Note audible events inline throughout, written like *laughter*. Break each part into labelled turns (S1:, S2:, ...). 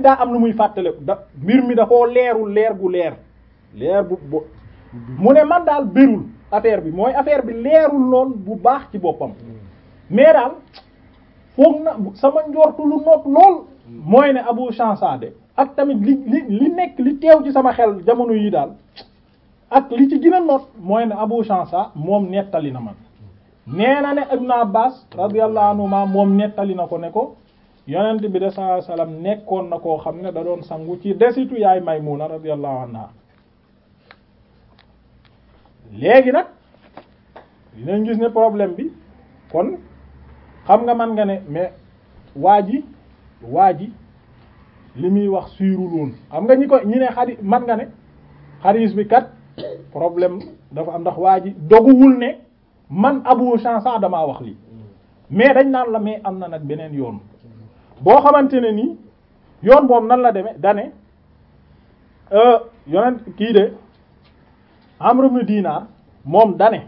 S1: daa am lu muy fàttale da mbir mi da koo leerul leer gu leer leer bu bu mu ne man daal bérul affaire bi mooy affaire bi leerul lool bu baax ci boppam mais daal foog na sama njortu lu noot lool mooy ne Abu Chansadé ak tamit li li li nekk li teew ci sama xel jamono yii daal ak li ci gën a mooy ne Abu Chansa moom nettali na man nee na ne Ibn Abbas radiyallahu anhuma moom nettali na ko ne ko yonent bi de saa salaam nekkoon na koo xam ne da doon sangu ci desitu yaay may Maymuna radiyallahu anha léegi nag dinañ gis ne problème bi kon xam nga man nga ne mais waa ji waa ji li muy wax suurul woon xam nga ñi ko ñi ne xari man nga ne xariis bi kat problème dafa am ndax waa ji doguwul ne man Abu Chansa damaa wax li mais dañ naan la mais am na nag beneen yoon boo xamante ne nii yoon boobu nan la demee dane euh, yonent kii de Amru mu diinaa moom dane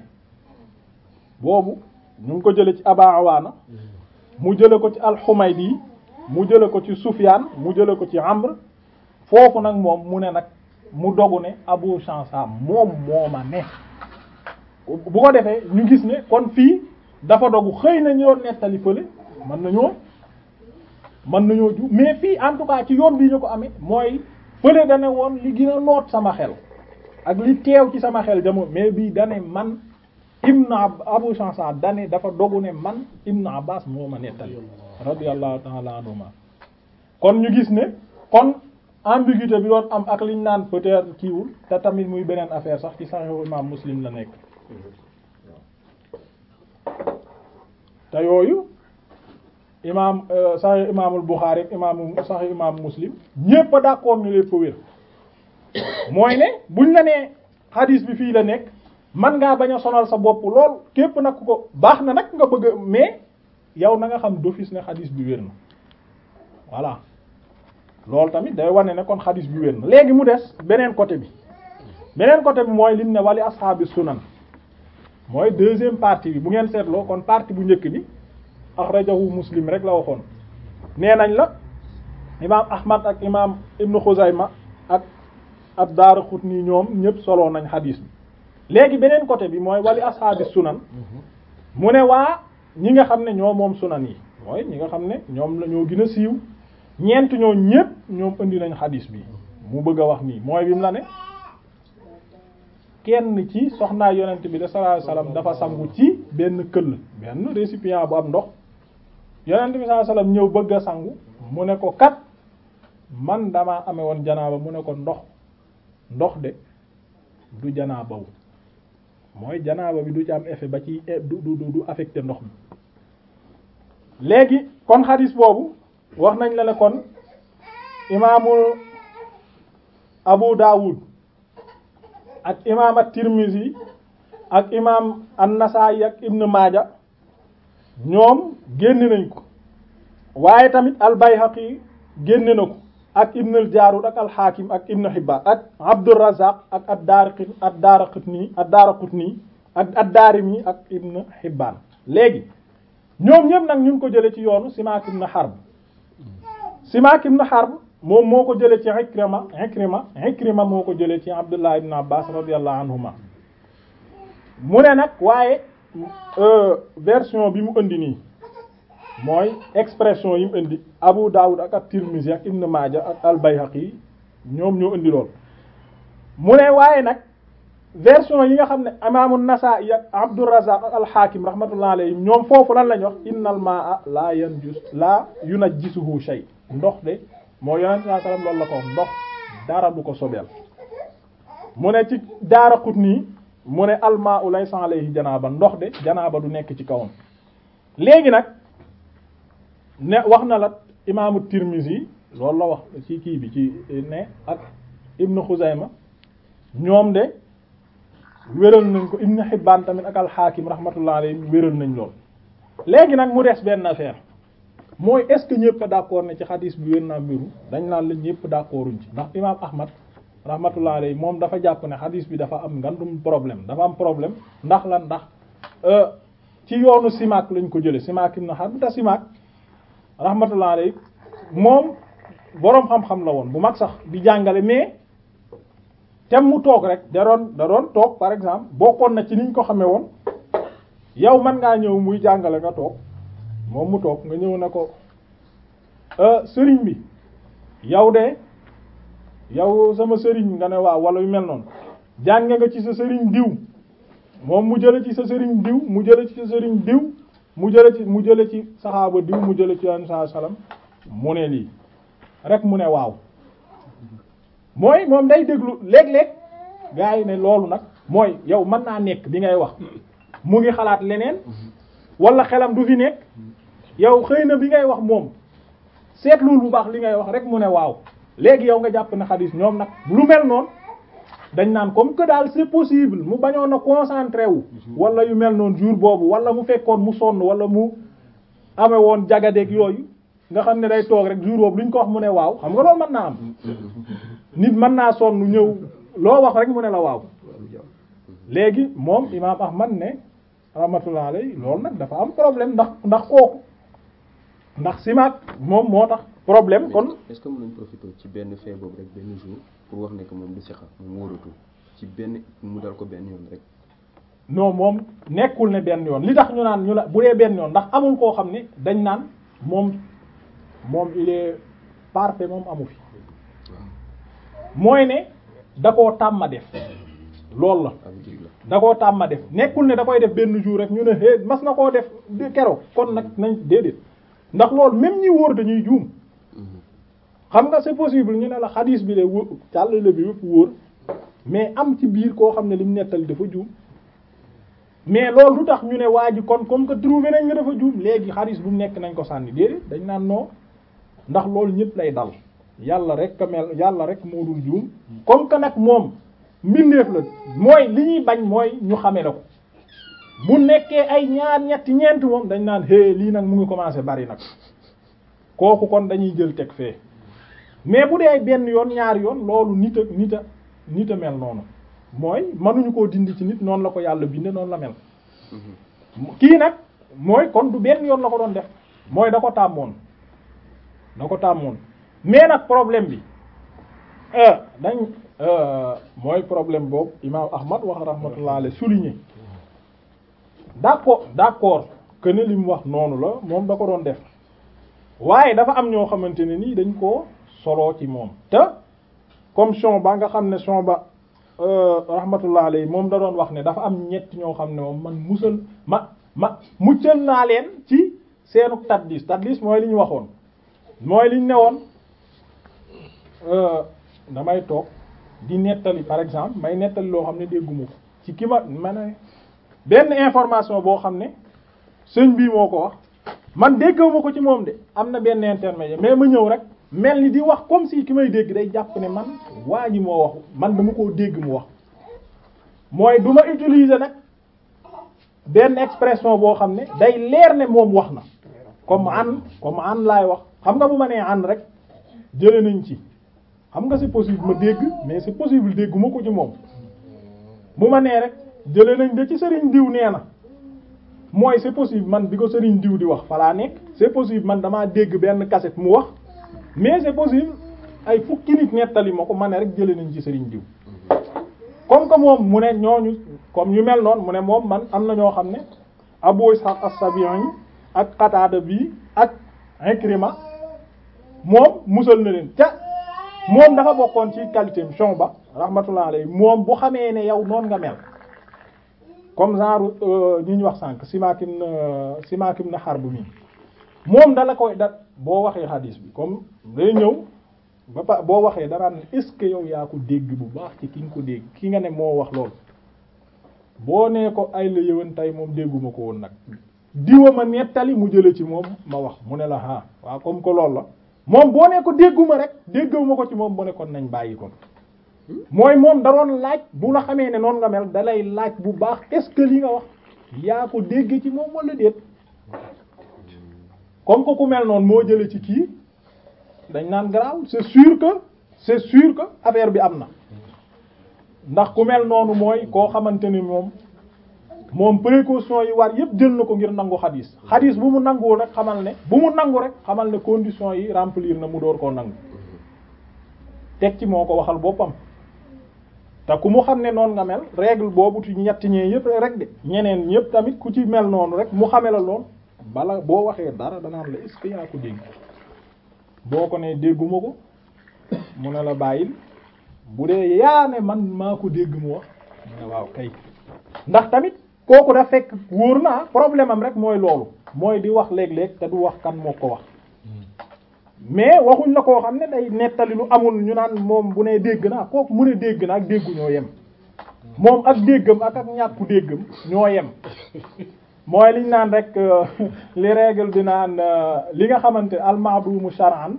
S1: boobu ñu ngi ko jële ci Aba Awaana mu jële ko ci Al-Humaydi mu jële ko ci Sufyaan mu jële ko ci Amr foofu nag moom mu ne nag mu dogu ne Abu Chansa moom mooma ne bu ko defee ñu gis ne kon fii dafa dogu xëy na ñu doon nettali fële mën nañoo man nañoo ju mais fii en tout ci yoon bi ñu ko amee mooy fële dane woon li gën a sama xel ak li teew ci sama xel jamono mais bii dane man Ibn Abu Chansa dane dafa dogu ne man Ibn Abbas moo ma nettali radiyallahu ta'ala anhuma kon ñu gis ne kon ambiguïté bi doon am ak liñ naan peut-être kiiwul te tamit muy beneen affaire sax ci Sahih Imam Muslim la nekk mm-hmm. te yooyu imaam euh, saxi imaamul Buxaari ak imaam saxi imaam Muslim ñépp a d'accord ñu leen fa wér mooy ne buñ la nee xadiis bi fii la nekk man ngaa bañ a sonal sa bopp lool képp nag ko baax na nag nga bëgg mais yow na nga xam d'office ne xadiis bi wér na voilà loolu tamit day wane ne kon xadiis bi wér na léegi mu des beneen côté bi beneen côté bi mooy lim ne wali ashaabi sunan mooy deuxième partie bi bu ngeen seetloo kon partie bu njëkk bi axrajahu muslim rek la waxoon nee nañ la imaam ahmad ak imaam ibnu ma ak ad nii ñoom ñëpp soloo nañ xadiis bi léegi beneen côté bi mooy wali ashaabi sunan mu ne waa ñi nga xam ne ñoo moom sunan yi mooy ñi nga xam ne ñoom la ñoo gën a siiw ñeent ñoo ñépp ñoom indi nañ xadiis bi mu bëgg a wax nii mooy bi mu la ne kenn ci soxnaa yonent bi de sallallahu alayhi dafa sangu ci benn këll benn récipient bu am ndox yonent bi sallallahu alayhi ñëw bëgg a sangu mu ne ko kat man damaa amee woon janaaba mu ne ko ndox ndox de du janaaba wu mooy janaaba bi du ci am effet ba ci e, du du du affecté ndox mi léegi kon xadis boobu wax nañ la ne kon imaamu Abu Dawud ak imaam at-Tirmizi ak imaam an-Nasaa'i ak Ibn Maaja ñoom génne nañ ko waaye tamit al-Bayhaqi génne na ko ak Ibn al-Jaarud ak al-Hakim ak Ibn Hibban ak Abdurrazzaq ak ad-Daraqutni ad-Daraqutni ad-Daraqutni ak ad ak Ibn Hibban léegi ñoom ñëpp nag ñu ngi ko jëlee ci yoonu Simaak ibn Harb Simaak ibn Harb moom moo ko jëlee ci Ikrima Ikrima Ikrima moo ko jëlee ci Abdullah ibn Abbas radiyallahu anhuma mu ne nag waaye euh, version bi mu indi nii mooy expression yi mu indi Abu Dawud ak at-Tirmizi ak Maaja ak al-Bayhaqi ñoom ñoo indi lool mu ne waaye nag version yi nga xam ne imaamu Nasaa'i ak Abdurrazaaq ak al-Haakim rahmatullahi alayhim ñoom foofu la lañ wax innal maa'a laa yanjus laa yunajjisuhu shay ndox de moo yonent sallallahu alayhi wasallam loolu la ko ndox ko sobeel mu ne ci Daaraqutni mu ne al ndox de janaaba du nekk ci kawam léegi nag ne wax na la imaamu Tirmizi loolu la wax ci kii bi ci ne ak Ibn ma ñoom de wéral nañ ko Ibn Hibbaan tamit ak al-Hakim rahmatullah alayhi wéral nañ lool. léegi nag mu dees benn affaire mooy est-ce que ñëpp d'accord ne ci xadiis bi wér naa mbiru dañ naan la ñëpp d'accorduñ ci ndax imaam Ahmad rahmatullah yi moom dafa jàpp ne xadiis bi dafa am ngandum problème dafa am problème ndax lan ndax euh, ci yoonu Simaak lañ ko jëlee Simaak ibn Harb ta Simaak. rahmatullah alayhi moom boroom xam-xam la woon bu mag sax di jàngale mais tem mu toog rek da doon da doon toog par exemple bokkoon na ci niñ ko xamee woon yow man ngaa ñëw muy jàngale nga toog moom mu toog nga ñëw na ko euh, sëriñ bi yow de yow sama sëriñ nga ne waaw wala yu mel noonu jànge nga ci sa sëriñ diw moom mu jële ci sa sëriñ diw mu jële ci sa sëriñ diw mu jële ci mu jële ci saxaaba diw mu jële ci yoon saa salaam mu ne lii rek mu ne waaw mooy moom day déglu léeg-léeg gaa yi ne loolu nag mooy yow mën naa nekk bi ngay wax mu ngi xalaat leneen walla xelam du fi nekk yow xëy na bi ngay wax moom seetluwul lu baax li ngay wax rek mu ne waaw léegi yow nga jàpp na xadis ñoom nag lu mel noonu dañ naan comme que daal c'est possible mu bañoon a concentré wu mhm. wala yu mel noonu jour boobu wala mu fekkoon mu sonn wala mu amee woon jagadeek yooyu nga xam ne day toog rek jour boobu luñ ko wax mu ne waaw xam nga loolu mën naa am mhm. nit mën naa sonn ñëw loo wax rek mu ne la waaw mhm. léegi moom imaam man ne rahmatullah alayhi loolu nag dafa am problème ndax ndax kooku ndax si simaak moom moo tax problème kon est-ce que mën nañ ci benn fait boobu pour wax ne que moom du siqa moom wóoratul ci benn mu dal ko benn yoon rek. non moom nekkul ne benn yoon li tax ñu naan ñu la bu dee benn yoon ndax amul koo xam ne dañ naan moom moom il est moom amu fi mooy ne da koo tàmma def loolu la da koo tàmma def nekkul ne da koy def benn jour rek ñu ne é mas na koo def keroog kon nag nañ déedéet ndax lool même ñi wóor dañuy juum xam nga si possible ñu ne la xadiis bi de wó càllale bi yëpp wóor mais am ci biir koo xam ne li mu nettali dafa juum mais loolu du tax ñu ne waa ji kon comme que trouvé nañ nga dafa juum léegi xadiis bu nekk nañ ko sànni déedéet dañ naan non ndax loolu ñëpp lay dal yàlla rek ka mel rek moo dul juum que nag moom mbindeef la mooy li ñuy bañ mooy ñu xame la ko bu nekkee ay ñaar ñetti ñeent moom dañ naan hé lii nag mu ngi commencé bari nag kooku kon dañuy jël teg fee mais bu dee benn yoon ñaari yoon loolu nit a nit a nit a mel noonu mooy mënuñu ko dindi ci nit noonu la ko yàlla binde noonu la mel mm-hmm. kii nag mooy kon du benn yoon la ko doon def mooy da ko tàmmoon ko tàmmoon mais nag problème bi euh, dañ euh, problème boobu imaam Ahmad wax rahmatullah alayhi souligné d'accord d'accord que ne li wax noonu la moom da ko doon def waaye dafa am ñoo xamante ne nii dañ ko solo ci moom te comme chon ba nga xam ne chon ba euh, rahmatullah alayhi moom da doon wax ne dafa am ñett ñoo xam ne moom man musal ma ma muccal naa leen ci seenu tadlis tadlis mooy li ñu waxoon mooy li ñu ne woon euh, damay toog di nettali par exemple may nettali loo xam ne dégguma ko ci ki ma ma ne benn information boo xam ne sëñ bii moo ko wax man dégguma ko ci moom de am na benn intermédiaire mais ma ñëw rek mel ni di wax comme si ki may dégg day jàpp ne man waa ji moo wax man dama koo dégg mu wax mooy du ma utiliser nag benn expression boo xam ne day leer ne moom wax na comme an comme an laay wax xam nga bu ma nee an rek jële nañ ci xam nga c'est possible ma dégg mais c'est possible dégg ma ko ci moom bu ma nee rek jële nañ de ci sëriñ diw nee na mooy c'est possible man bi ko sëriñ diw di wax falaa nekk c'est possible man damaa dégg benn cassette mu wax mais c'est possible ay fukki nit nettali ma ko ma rek jëlee nañ ci sëriñ diw comme que moom mu ne ñooñu comme ñu mel noon mu ne moom man am na ñoo xam ne Abu Ishaq as-Sabi'i ak Qatada bi ak Ikrima moom musal na leen ca moom dafa bokkoon ci qualité am Shu'ba rahmatullah alayhi moom bu xamee ne yow noonu nga mel comme genre euh, ñi ñu wax sànq Simakin euh, Simakin na xar bu mi moom dala koy dat boo waxee xadiis bi comme day ñëw ba pa boo waxee dara ne est yow yaa ko dégg bu baax ci ki ko dégg ki nga ne moo wax lool boo nee ko ay la yëwan tey moom dégguma ko woon nag diwa ma nettali mu jële ci moom ma wax mu ne la ah waaw comme que loolu la moom boo ne ko dégguma rek dégguma ko ci moom mu ne kon nañ bàyyi ko mooy moom daroon laaj bu la xamee ne noonu nga mel dalay laaj bu baax est-ce que li nga wax yaa ko dégg ci moom wala déet comme ko ku mel noonu moo jële ci kii dañ naan garaaw c'est sûr que c'est sûr que affaire bi am na ndax ku mel noonu mooy koo xamante ni moom moom précaution yi war yépp jël na ko ngir nangu xadis xadis bu mu nanguwul rek xamal ne bu mu nangu rek xamal ne condition yi remplir na mu door koo nangu teg ci moo ko waxal boppam te ku mu xam ne noonu nga mel règle boobu ci ñetti ñee yépp rek de ñeneen ñépp tamit ku ci mel noonu rek mu xame la lool bala boo waxee dara danaan la est yaa ko dégg boo ko ne dégguma ko mu a la bàyyil bu dee yaa ne man maa ko dégg mu wax waaw kay ndax tamit kooku da fekk wóor naa problème am rek mooy loolu mooy di wax léeg-léeg te du wax kan moo ko wax mais waxuñ la koo xam ne day nettali lu amul ñu naan moom bu ne dégg naa kooku mu dégg naa ak déggu ñoo yem moom ak déggam ak ak ñàkku déggam ñoo yem mooy liñ naan rek euh, li *laughs* règle di naan euh, li nga xamante al ma'dumu shar'an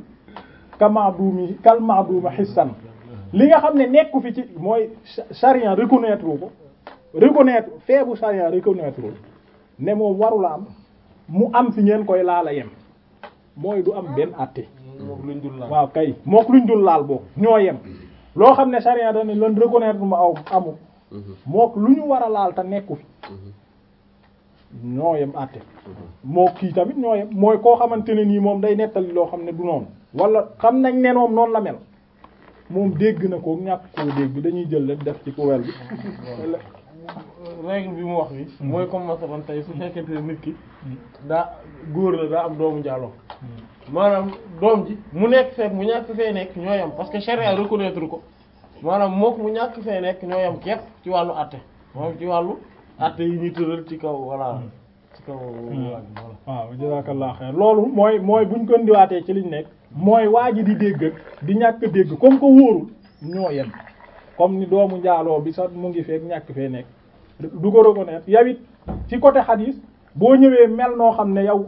S1: ka ma'dumi kal ma'dumi hissan li nga xam ne nekku fi ci mooy charia reconnaître ko reconnaître feebu charia reconnaître ne moom warula am mu am fi ngeen koy laala yem mooy du am benn àtte waaw kay mook luñ dul laal boobu ñoo yem loo xam ne charia dane lan reconnaître mu aw amu mhm. mook lu ñu war a laal te nekku fi mhm. ñoo yem àtte mhm. moo kii tamit ñoo yem mooy koo xamante ne nii moom day nettali loo xam ne du noonu wala xam nañ ne moom noonu la mel moom dégg na ko ñàkk koo dégg dañuy jël rek def ci poubelle bi règle bi mu wax bi mhm. mooy comme masalan tey su nekkee ne nit ki mhm. daa góor la daa am doomu njaaloo maanaam doom ji mu nekk fekk mu ñàkk fee nekk ñoo yam parce que charia reconnaître ko maanaam mook mu ñàkk fee nekk ñoo yem képp ci wàllu àtte moom ci wàllu atte yi ñu tëral ci kaw voilà hmm. hmm. waaw jazakallah loolu mooy mooy buñ ko ndiwaatee ci liñ nekk mooy waa ji di dégg di ñàkk dégg comme que wóorul ñoo yem comme ni doomu njaaloo bi sax mu ngi feek ñàkk fee nekk du ko reconnaître yow it ci côté xadis boo ñëwee mel noo xam ne yow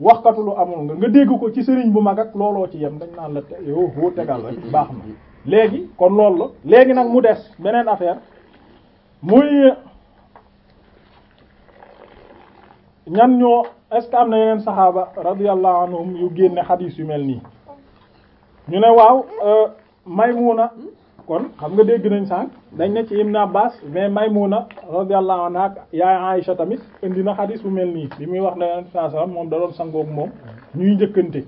S1: waxkatu lu amul nga nga dégg ko ci sëriñ bu mag ak looloo ci yem dañ naan la te yow boo tegal rek baax na léegi kon loolu la léegi nag mu des beneen affaire muy ñan ñoo est-ce que am na yeneen saxaaba radiyallahu anhum yu génne xadiis yu mel nii ñu ne waaw may euh, Maymuna kon xam nga dégg nañ sànq dañ ne ci Ibn Abbas mais Maymuna radiyallahu anha ak yaay Aisha tamit indi na xadiis bu mel nii bi muy wax ne yeneen saxaaba moom da doon sangoog moom ñuy njëkkante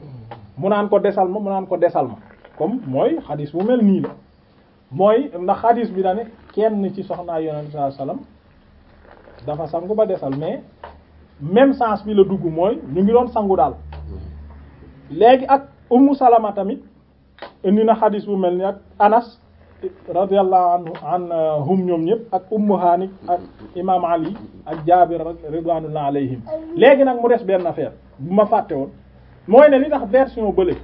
S1: mu naan ko desal ma mu naan ko desal ma comme mooy xadiis bu mel nii la mooy ndax xadiis bi dane kenn ci soxnaa yonent sallam dafa sangu ba desal mais même sens bi la dugg mooy ñu ngi doon sangu daal léegi ak Ummu Salama tamit indi na xadis bu mel ni ak Anas radiyallahu anhu anhum ñoom ñëpp ak Ummu Haani ak Imam Ali ak Jaabir ridwanullahi alayhim léegi nag mu des benn affaire bu ma fàtte woon mooy ne li tax version bële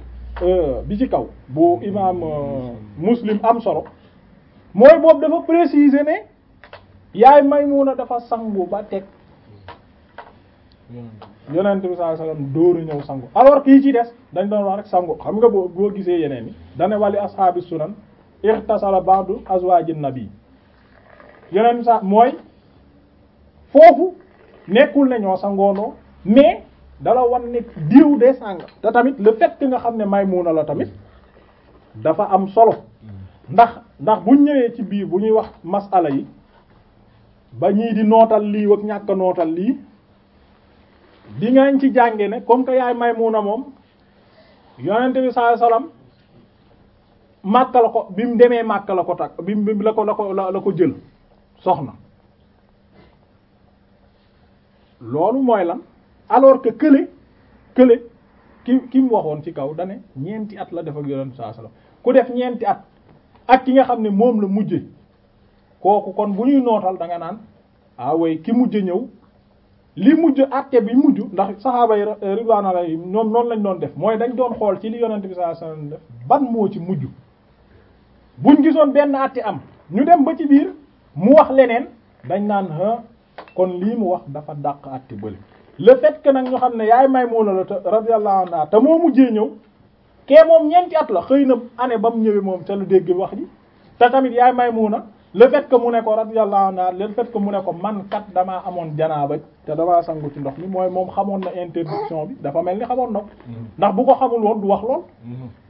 S1: euh, bi ci kaw bu Imam euh, Muslim am solo mooy boobu dafa préciser ne yaay Maymuna dafa sangu ba teg yonent bi sa alayhi wasallam dóoru ñëw sangu alors kii ci des dañ doon wax rek sangu xam nga boo boo gisee yeneen yi dane wali ashaabi sunan irtasala ba'du azwaajin nabi yonent bi sa mooy foofu nekkul ne ñoo sangoondoo mais dala wan ne diw de sang te tamit le fait nga xam ne Maymuna la tamit dafa am solo ndax ndax bu ñëwee ci biir bu ñuy wax masala yi ba ñii di nootal lii ak ñàkk nootal lii li ngaañ ci jànge ne comme que yaay Maymuna moom yonent bi sallallahu alayhi wasallam la ko bi mu demee Makka la ko takk bi mu la ko la ko la ko jël soxna loolu mooy lan alors que kële kële ki ki mu waxoon ci kaw dane ñeenti at la def ak yonent bi ku def ñeenti at ak ki nga xam ne moom la mujje kooku kon bu ñuy nootal da nga naan ah ki mujje ñëw li mujj àtte bi mujj ndax saxaaba yi eh, ridwaan alayhim ñoom noonu lañ doon def mooy dañ doon xool ci li yonent bi sallallahu alayhi wasallam def ban moo ci mujj buñ gisoon benn àtte am ñu dem ba ci biir mu wax leneen dañ naan kon lii mu wax dafa dàq àtte bële le fait que nag ñu xam ne yaay Maymuna la te radiyallahu anha te moo mujjee ñëw kee moom ñeenti at la xëy na année ba mu ñëwee moom ca lu dégg wax ji te tamit yaay Maymuna le fait que mu ne ko radiyallahu anha le fait mu ne ko man kat damaa amoon janaaba te damaa sangu ci ndox mi mooy moom xamoon na interdiction bi dafa mel ni xamoon na ndax bu ko xamul woon du wax lool.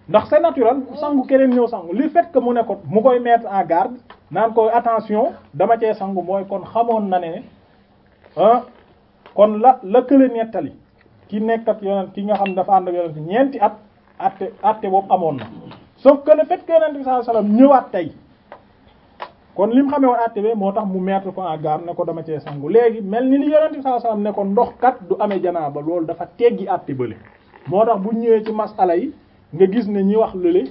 S1: ndax c'est naturel sangu keneen ñëw sangu le fait que mu ne ko mu koy mettre en garde naan koy attention dama cee sangu mooy kon xamoon na ne ah kon la la kële nettali ki nekkat ak yonent ki nga xam dafa ànd ak yonent ñeenti at atte atte boobu amoon na soo que le fait que yonent bi sallallahu alayhi wasallam ñëwaat tey. kon lim xamee woon àtte be moo tax mu mettre ko en garde ne ko dama cee sangu léegi mel ni li yonent bi sallallahu ne ko ndox kat du amee ba loolu dafa teggi àtte bële moo tax bu ñëwee ci masala yi nga gis ne ñi wax lële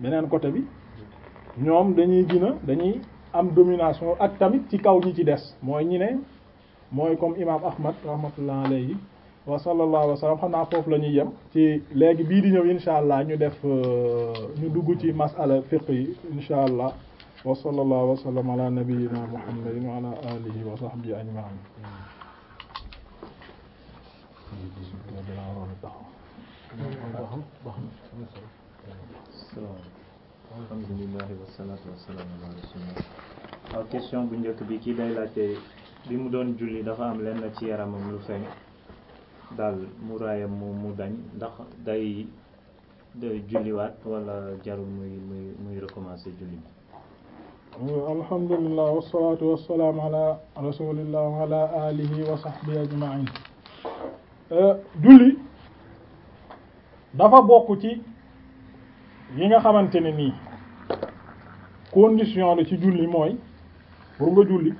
S1: beneen côté bi ñoom dañuy gën dañuy am domination ak tamit ci kaw ñi ci des mooy ñi ne mooy comme imam ahmad rahmatullah alayhi wa sallallahu wa sallam xam naa foofu la ñuy yem ci léegi bii di ñëw insha allah ñu def euh, ñu dugg ci masala fiq yi insha wa sallallahu wa sallam ala nabiyyina muhammadin bu njëkk bi kii day laajte bi mu doon julli dafa am lenn ci yaramam lu feeñ daal muraayam mu mu dañ ndax day day julliwaat wala jarul muy muy muy recommencer julli bi alhamdulillah wasalaatu wasalaam ala rasulillah wa ala alihi wa sahbihi ajma'in euh, julli dafa bokk ci yi nga xamante ne nii condition la ci julli mooy pour nga julli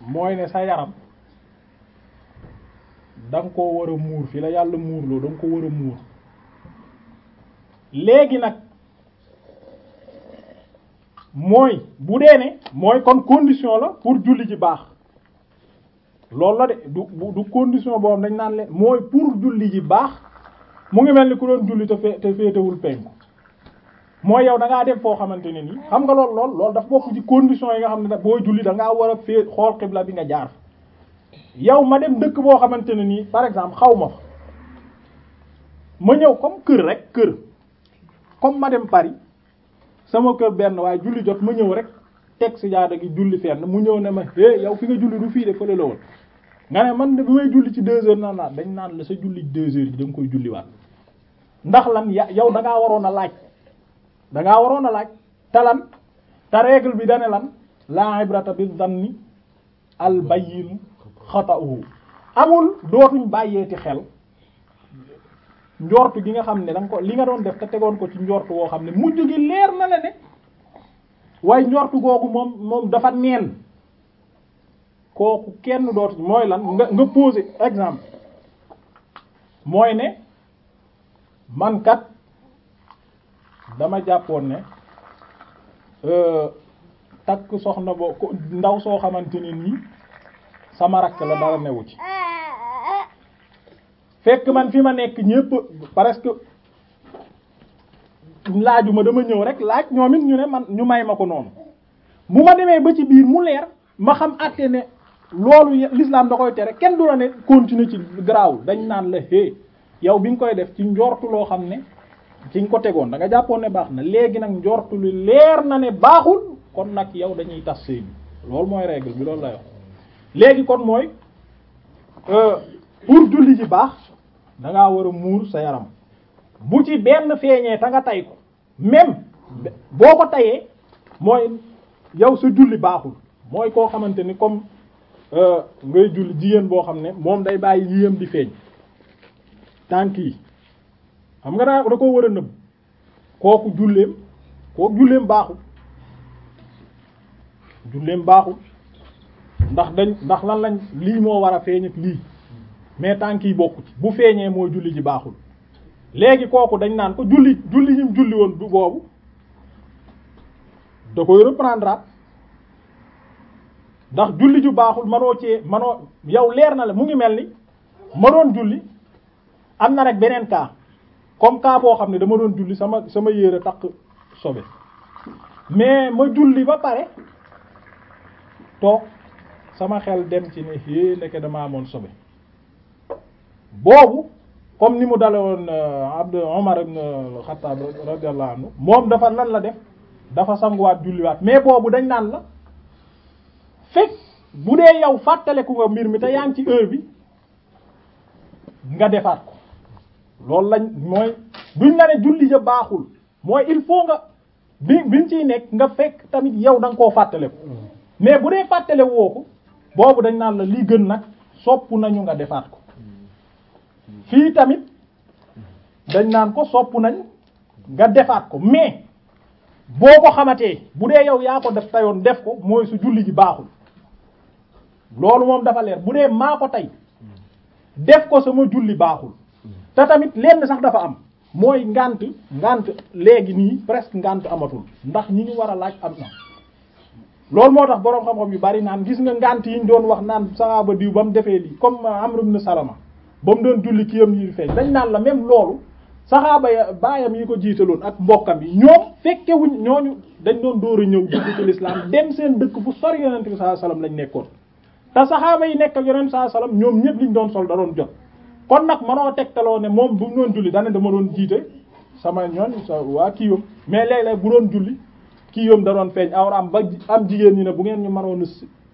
S1: mooy ne sa yaram da nga koo war a muur fii la yàlla muur loo da ko war a muur léegi nag mooy bu dee ne mooy kon condition la pour julli ji baax loolu la de du du condition boobu dañ naan leen mooy pour julli ji baax mu ngi mel ni ku doon julli te fee te féetewul penku mooy yow da ngaa dem foo xamante ne nii xam nga lool lool loolu dafa bokk ci condition yi nga xam ne daf boo julli da ngaa war a fee xool xibla bi nga jaar yow ma dem dëkk boo xamante ne nii par exemple xaw ma ma ñëw comme kër rek kër comme ma dem Paris. sama kër benn waaye julli jot ma ñëw rek teg si jaada gi julli fenn mu ñëw ne ma eh yow fi nga julli du fii de fële la woon nga ne man de bu may julli ci deux heures naan naan dañ naan la sa julli deux heures ji da nga koy julliwaat ndax lan ya yow danga ngaa waroon a laaj da waroon a laaj te lan te règle bi dane lan la ibrata bi danni al bayyin xata'uhu amul dootuñ bàyyeeti xel. njortu gi nga xam ne da nga ko li nga doon def te tegoon ko ci njortu woo xam ne mujj gi leer na la ne waaye njortu googu moom moom dafa neen kooku kenn dootu mooy lan nga nga poser exemple mooy ne man kat dama jàppoon ne euh, takk soxna boo ko ndaw soo xamante ne nii sama rakk la dara newu ci fekk man fi ma nekk ñëpp presque laajuma dama ñëw rek laaj ñoom ñu ne man ñu may ma ko noonu bu ma demee ba ci biir mu leer ma xam àtte ne loolu l'islam da koy tere kenn du la ne continuer ci garaawul dañ naan la hé yow bi nga koy def ci njortu loo xam ne ci nga ko tegoon da nga jàppoon ne baax na léegi nag njortu li leer na ne baaxul kon nag yow dañuy tas sëy bi loolu mooy règle bi loolu lay wax léegi kon mooy euh, pour julli ji baax da war a muur sa yaram bu ci benn feeñee ta nga tay ko même boo ko tayee mooy yow sa julli baaxul mooy koo xamante ni comme euh, ngay julli jigéen boo xam ne moom day bàyyi yiyam di feeñ tànk yi xam nga daa da ko war a nëbb kooku julleem kooku julleem baaxul julleem baaxul ndax dañ ndax lan lañ lii moo war a feeñ ak lii mais tànk yi bokku bu feeñee mooy julli ji baaxul léegi kooku dañ naan ko julli julli ñim julli woon du boobu da koy reprendre ndax julli ju baaxul manoo ci manoo yow leer na la mu ngi mel ni ma julli am na rek beneen cas comme cas boo xam ne dama doon julli sama sama yére takk sobe mais ma julli ba pare toog sama xel dem ci ne é ndeke dama amoon sobe boobu comme ni mu dale woon euh, Abdou Omar ibn Khattab radiyallahu anhu moom dafa lan la def dafa sanguwaat julliwaat mais boobu dañ naan la fekk bu dee yow fàttaleku nga mbir mi te yaa ngi ci heure bi nga defaat ko loolu lañ mooy duñ la ne julli ja baaxul mooy il faut nga bi biñ ciy nekk nga fekk tamit yow da nga koo fàttaleku mm. mais bu dee fàttale woo ko boobu dañ naan la lii gën nag sopp nañu nga defaat ko fii tamit dañ naan ko sopp nañ nga defaat ko mais boo ko xamatee bu dee yow yaa ko def tayoon def ko mooy su julli ji baaxul loolu moom dafa leer bu dee maa ko tey def ko sama julli baaxul te tamit lenn sax dafa am mooy ngànt ngànt léegi nii presque ngant amatul ndax ñi ñu war a laaj am na loolu moo tax boroom xam-xam yu bari naan gis nga ngànt yi doon wax naan saxaaba diw ba mu defee lii comme Amr ibn Salama ba mu doon julli kiyam yi feeñ dañ naan la même loolu saxaaba ya baayam yi ko jiitaloon ak mbokkam yi ñoom fekkewuñ ñooñu dañ doon door a ñëw dugg seen dëkk fu sori yonent bi sallallahu alayhi wasallam lañ nekkoon te saxaaba yi nekk ak yonent sallallahu ñoom ñëpp liñ doon sol da jot kon nag manoo tegtaloo ne moom bu mu doon julli dana dama doon sama ñoon sa waa kii yom mais léeg bu doon julli kii yom da doon feeñ awraam ba am jigéen ñi ne bu ngeen ñu mënoon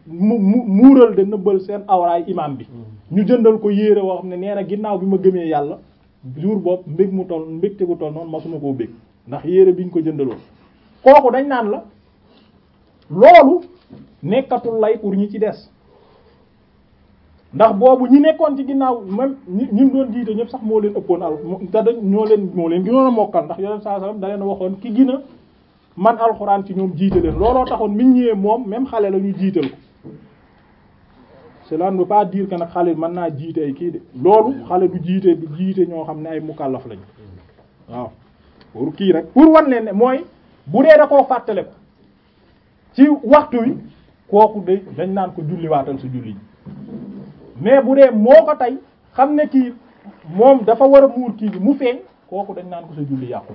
S1: mu mu muural de nëbbal seen awraay imaam bi hmm. ñu jëndal ko yére woo xam ne nee ginnaaw bi ma gëmee yàlla jour boobu mbég mu toll mbégte gu toll noonu masuma koo bég ndax yére biñ ko jëndaloon kooku dañ naan la loolu nekkatul lay pour ñi ci des ndax boobu ñi nekkoon ci ginnaaw même ñi ñi doon jiite ñëpp sax moo leen ëppoon al te dañ ñoo leen moo leen gënoon mokkal ndax yoneen saa sallam da leen waxoon ki gina man alxuraan ci ñoom jiite leen looloo taxoon miñ moom même xale la ñu jiital cela ne veut pas dire nag xale mën naa jiite ay kii de loolu xale du jiite du jiite ñoo xam ne ay mukallaf lañu waaw pour kii rek pour wan leen ne mooy bu dee da koo fàttale ko ci waxtu wi kooku de dañ naan ko julliwaatal su julli mais bu dee moo ko tey xam ne kii moom dafa war a muur kii bi mu feeñ kooku dañ naan ko sa julli yàqu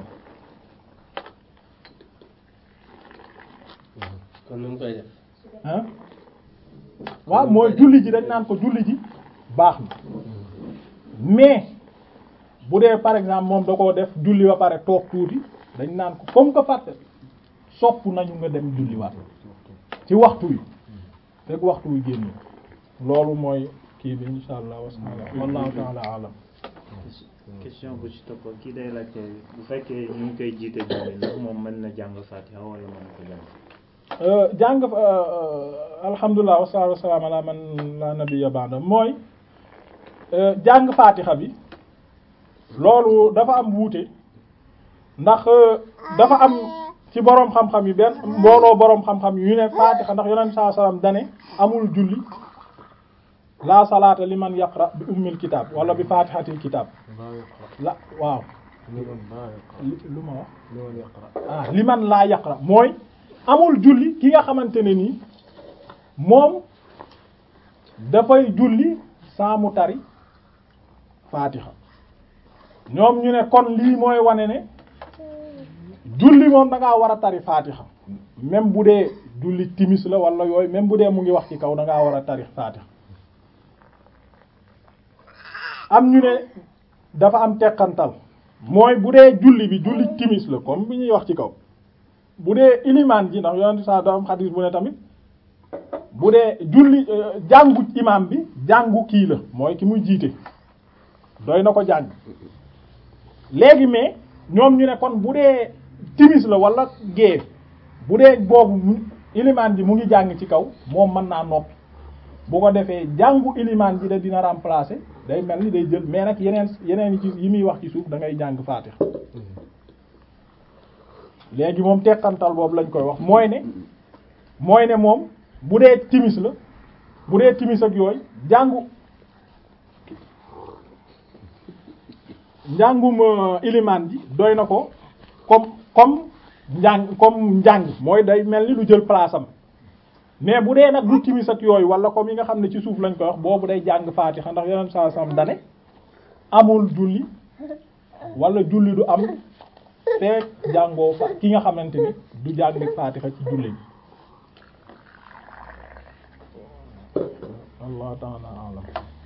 S1: na kon waaw mooy julli ji dañ naan ko julli ji baax na mais bu dee par exemple moom da koo def julli ba pare toog tuuti dañ naan ko comme que fàtte sopp nañu nga dem julli waat ci waxtu wi fekk waxtu wi génn loolu mooy kii bi insha allah wasalaam wallahu taala alam question kii day laajte bu fekkee ñu ngi koy jiite moom mën na jàng Fatiha na ko jàng Euh, jàng euh, euh, alhamdulilah wasalaatu wasalaam ala man la nabiyya mooy jàng faatixa bi loolu dafa am wuute ndax dafa am ci boroom xam-xam yi benn mbooloo boroom xam-xam yu ne faatixa ndax yonent saa salaam dane amul julli la salaata li man bi ummil kitaab wala bi faatixatil kitaab la waaw lu ah, laa yaqra mooy amul julli ki nga xamante ne nii moom dafay julli saa tari faatixa ñoom ñu ne kon lii mooy wane ne julli moom da ngaa war a tari faatixa même bu dee julli timis la walla yooyu même bu dee mu ngi wax ci kaw da ngaa war a tari faatixa am ñu ne dafa am teqantal mooy bu dee julli bi julli timis la comme bi ñuy wax ci kaw bu dee ilimaan ji ndax yonent saa da am xadis bu ne tamit bu dee julli euh, jàngu imaam bi jàngu kii la mooy ki muy jiite doy na ko jàng léegi mais ñoom ñu ne kon bu dee timis la wala gée bu dee boobu ilimaan ji mu ngi jàng ci kaw moom mën naa noppi bu ko defee jàngu ilimaan ji de dina remplacer day mel ni day jël mais nag yeneen yeneen yi yi muy wax ci suuf da ngay jàng faatiha léegi moom teqantal boobu lañ koy wax mooy ne mooy ne moom bu dee timis la bu dee timis ak yooyu jàngu njàngum euh, ilimaan ji doy na ko comme comme njàng comme njàng mooy day mel ni lu jël place mais bu dee nag lu timis ak yooyu wala comme yi nga xam ne ci suuf lañ koy wax boobu day jàng faatixa ndax yeneen saa sam dane amul julli wala julli du am feek jàngoo fa ki nga xamante ni du jàng faatixa ci julli bi Allah ta'ala a'lam